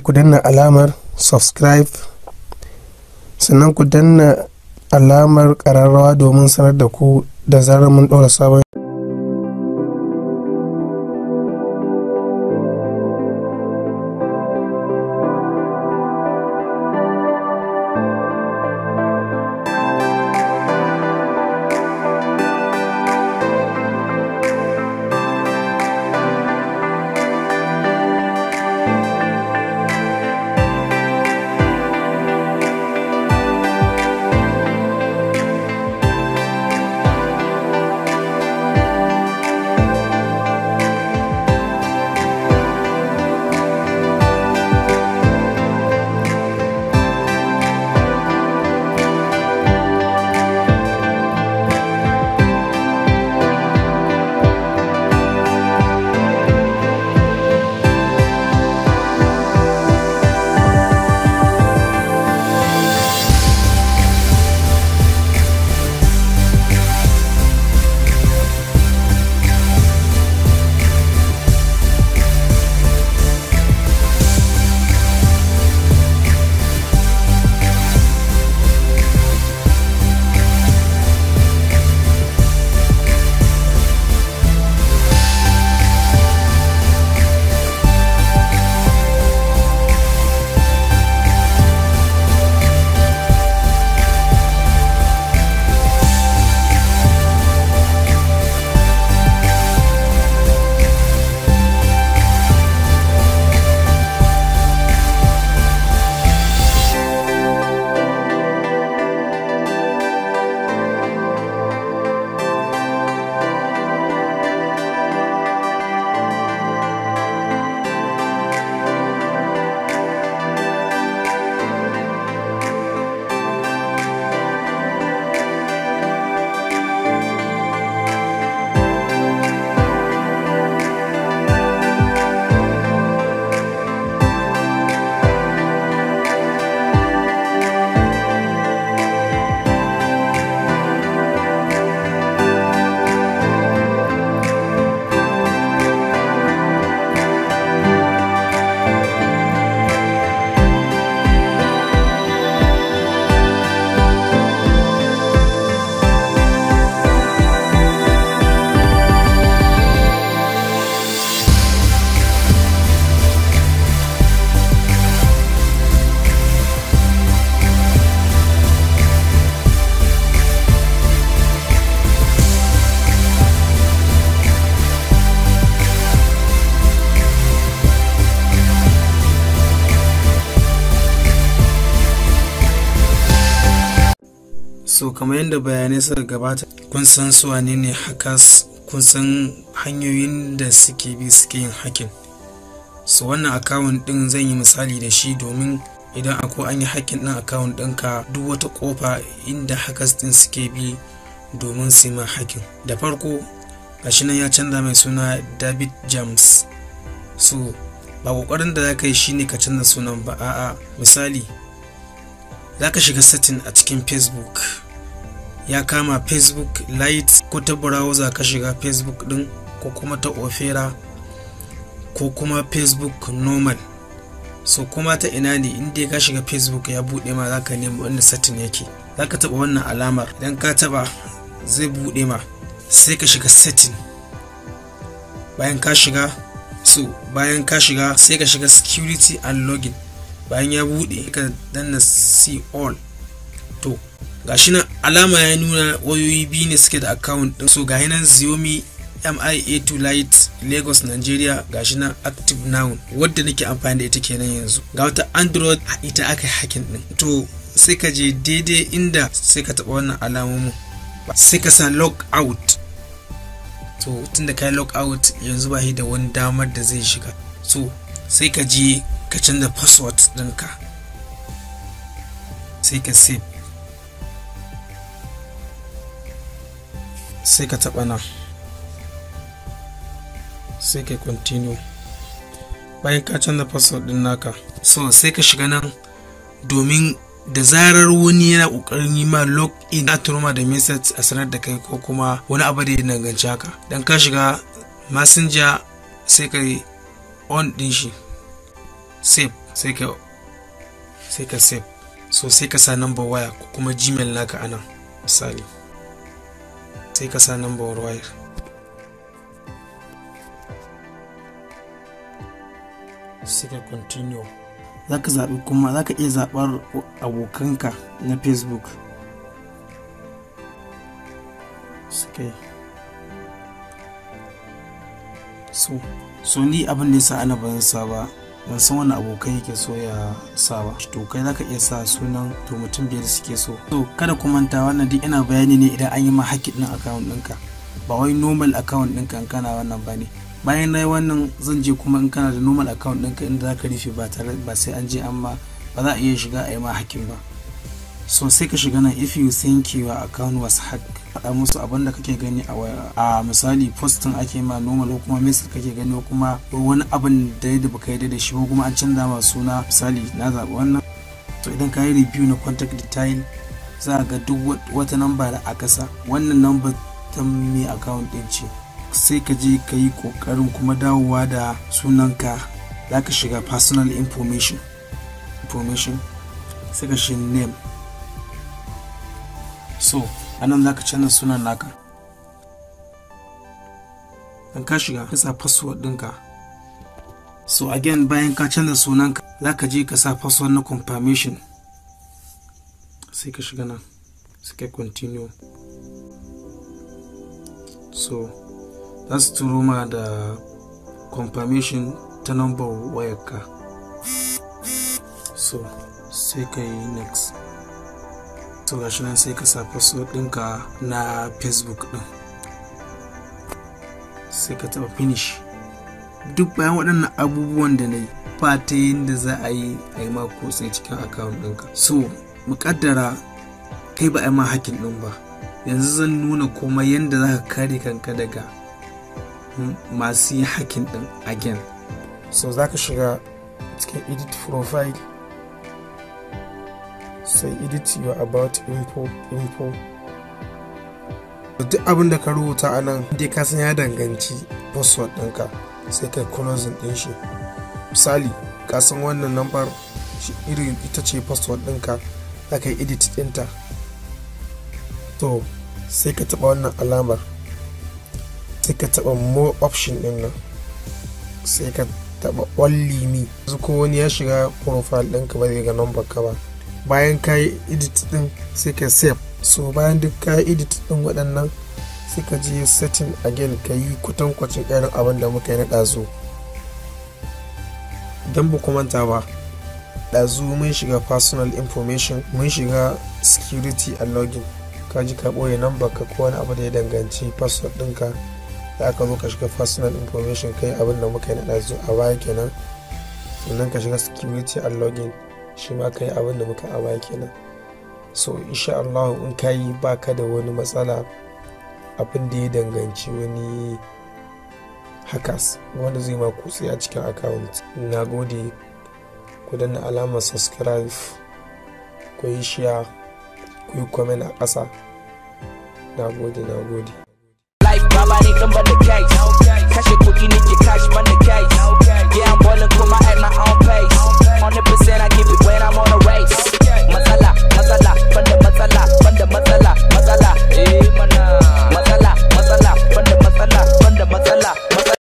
ku danna alamar subscribe sannan ku danna alamar ƙararrawa domin sanar da ku da zarar mun ɗora sabon so kamar yadda bayanai suka gabata kun san su wane ne hakas kun san hanyoyin da suke bi suke yin hakin so wannan akawun din zan yi misali da shi domin idan ako an yi hakin din akawun ka duk wata kofa inda hakas din suke bi domin su ma hakin da farko gashi nan ya canza mai suna david james so ba kokarin da za ka yi shine ka canza sunan ba a'a misali za ka shiga setting a cikin facebook ya kama facebook light ko ta browser ka shiga facebook din ko kuma ta opera ko kuma facebook normal so kuma ta ina ne inda ka shiga facebook ya bude ma zaka nemi wanda satin yake zaka taba wannan alamar idan ka taba zai bude ma sai ka shiga setting bayan ka shiga so bayan ka shiga sai ka shiga security and login bayan ya bude ka danna see all to gashi nan alama ya nuna wayoyi biyu ne suke da account din so gashi nan Xiaomi MIA2 Lite Lagos Nigeria gashi nan active now wadda nake amfani da ita kenan yanzu ga wata Android ita aka hakin din to sai ka je daidai inda sai ka taba wannan alamomin sai ka sa log out so tun da ka log out yanzu ba da wani damar da zai shiga so sai ka je ka canza password ɗinka sai ka save sai ka taɓa nan sai ka continue bayan ka canza password din naka so sai ka shiga nan domin da zarar wani yana kokarin yi ma log in a turma da message a sanar da kai ko kuma wani abu da ya danganci haka dan ka shiga messenger sai ka on din shi save sai ka sai ka save so sai ka sa number waya ko kuma gmail naka anan misali sai ka sa number wire sai ka continue za ka zaɓi kuma za ka iya zaɓar abokanka na facebook suke so so ni abin da ya sa ana ban ba ban san wani abokai yake so ya sa ba to kai zaka iya sa sunan to mutum biyar suke so to kada ku manta wannan duk ina bayani ne idan an yi ma haƙƙin ɗin account ɗinka ba wai normal account ɗinka in kana wannan ba ne bayan na wannan zan je kuma in kana da normal account ɗinka inda zaka rufe ba tare ba sai an je an ba za a iya shiga a yi ma hakkin ba sosai ka shiga nan if you think your account was hacked faɗa musu abinda kake gani a waya. a misali postin ake ma normal ko kuma message kake gani kuma wani abin da ya da yi da shi ko kuma an canza ma suna misali na zaɓi wannan to idan ka yi review na contact detail za ga duk wata namba da aka sa wannan namba ta mai account ɗin ce sai ka je ka yi ƙoƙarin kuma dawowa da sunanka za ka shiga personal information information sai ka shi name so anan za ka canza sunan naka in ka shiga ka sa password ɗinka so again bayan ka canza sunanka za ka je ka sa password na confirmation sai ka shiga nan sai ka continue so za su turo ma da confirmation ta number wayarka so sai ka yi next to gashi nan sai ka sa password ɗinka na facebook ɗin sai ka taɓa finish duk bayan waɗannan abubuwan da na yi ba ta yadda za a yi a yi ma sai cikin akawun ɗinka so muƙaddara kai ba a yi ma hakin ɗin ba yanzu zan nuna komai yadda za ka kare kanka daga masu yi hakin ɗin again so za ka shiga cikin edit profile sai edit your about info info duk abin da ka rubuta a nan inda ka san ya danganci password ɗinka sai kai closing ɗin shi misali ka san wannan lambar irin ita ce password ɗinka za ka yi edit ɗinta to sai ka taɓa wannan alamar sai ka taɓa more option ɗin nan sai ka taɓa only me ko wani ya shiga profile ɗinka ba zai ga number ka ba bayan ka yi edit din sai ka save so bayan duk ka yi edit din waɗannan sai ka je setting again ka yi kwatankwacin irin abin da muka yi na ɗazu don ba manta ba ɗazu mun shiga personal information mun shiga security and login ka ji ka ɓoye number ka ko wani abu da ya danganci password ɗinka da aka zo ka shiga personal information kai abin da muka yi na ɗazu a baya kenan sannan ka shiga security and login shi ma ka yi abin da muka awa kenan so insha Allah in ka yi baka da wani matsala abin da ya danganci wani hackers wanda zai ma kutse a cikin account na gode ku danna alama subscribe ku yi share ku yi comment a ƙasa na gode na gode